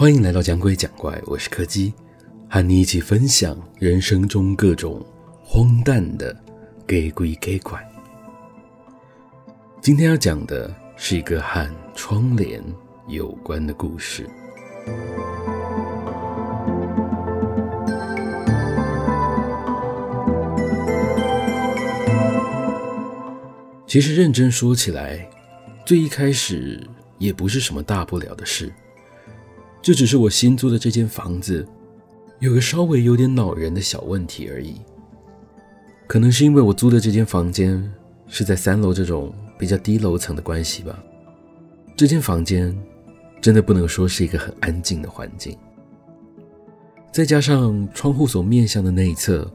歡迎來到講鬼講怪，我是柯基，和你一起分享人生中各種荒誕的假鬼假怪。今天要講的是一個和窗簾有關的故事。其實認真說起來，最一開始也不是什麼大不了的事。這只是我新租的這間房子，有個稍微有點惱人的小問題而已。可能是因為我租的這間房間是在三樓這種比較低樓層的關係吧。這間房間真的不能說是一個很安靜的環境，再加上窗戶所面向的那一側，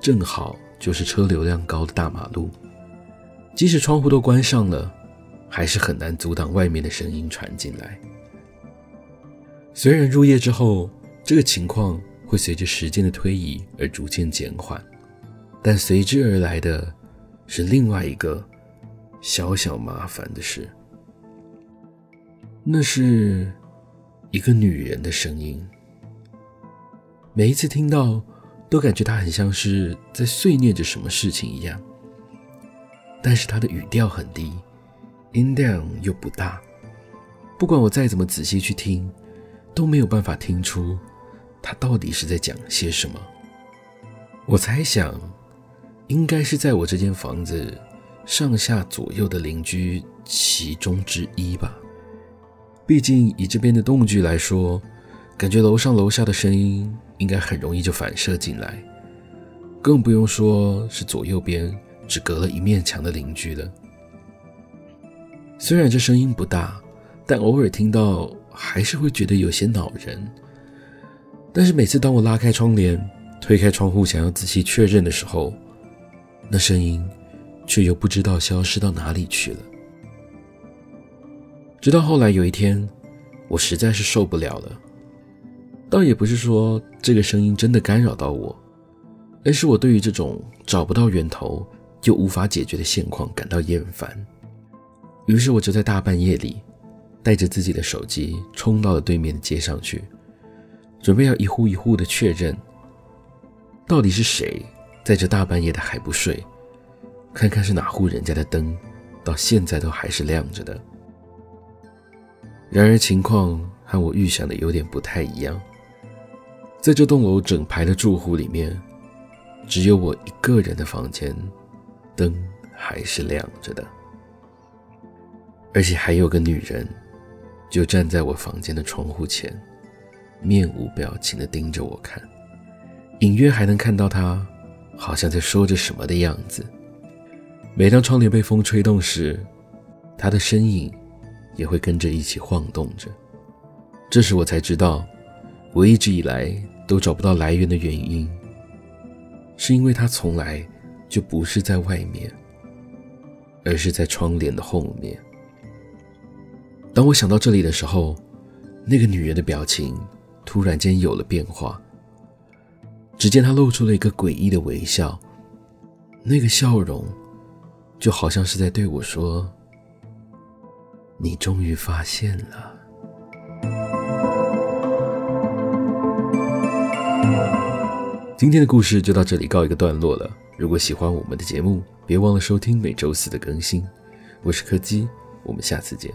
正好就是車流量高的大馬路，即使窗戶都關上了，還是很難阻擋外面的聲音傳進來。雖然入夜之後，這個情況會隨着時間的推移而逐漸減緩，但隨之而來的是另外一個小小麻煩的事。那是一個女人的聲音，每一次聽到，都感覺她很像是在碎念着什麼事情一樣。但是她的語調很低，音量又不大，不管我再怎麼仔細去聽。都沒有辦法聽出，他到底是在講些什麼。我猜想，應該是在我這間房子上下左右的鄰居其中之一吧。畢竟以這邊的動靜來說，感覺樓上樓下的聲音應該很容易就反射進來，更不用說是左右邊只隔了一面牆的鄰居了。雖然這聲音不大，但偶爾聽到。還是會覺得有些惱人。但是每次當我拉開窗簾，推開窗戶，想要仔細確認的時候，那聲音卻又不知道消失到哪裡去了。直到後來有一天，我實在是受不了了。倒也不是說這個聲音真的干擾到我，而是我對於這種找不到源頭又無法解決的現況感到厭煩。於是我就在大半夜裡。帶着自己的手機，衝到了對面的街上去，準備要一戶一戶的確認，到底是誰在這大半夜的還不睡，看看是哪戶人家的燈到現在都還是亮着的。然而情況和我預想的有點不太一樣，在這棟樓整排的住戶裡面，只有我一個人的房間燈還是亮着的，而且還有個女人。就站在我房間的窗戶前，面無表情地盯着我看，隱約還能看到他，好像在說着什麼的樣子。每當窗簾被風吹動時，他的身影也會跟着一起晃動着。這時我才知道，我一直以來都找不到來源的原因，是因為他從來就不是在外面，而是在窗簾的後面。當我想到這裡的時候，那個女人的表情突然間有了變化。只見她露出了一個詭異的微笑，那個笑容就好像是在對我說：“你終於發現了。”今天的故事就到這裡告一個段落了。如果喜歡我們的節目，別忘了收聽每週四的更新。我是柯基，我們下次見。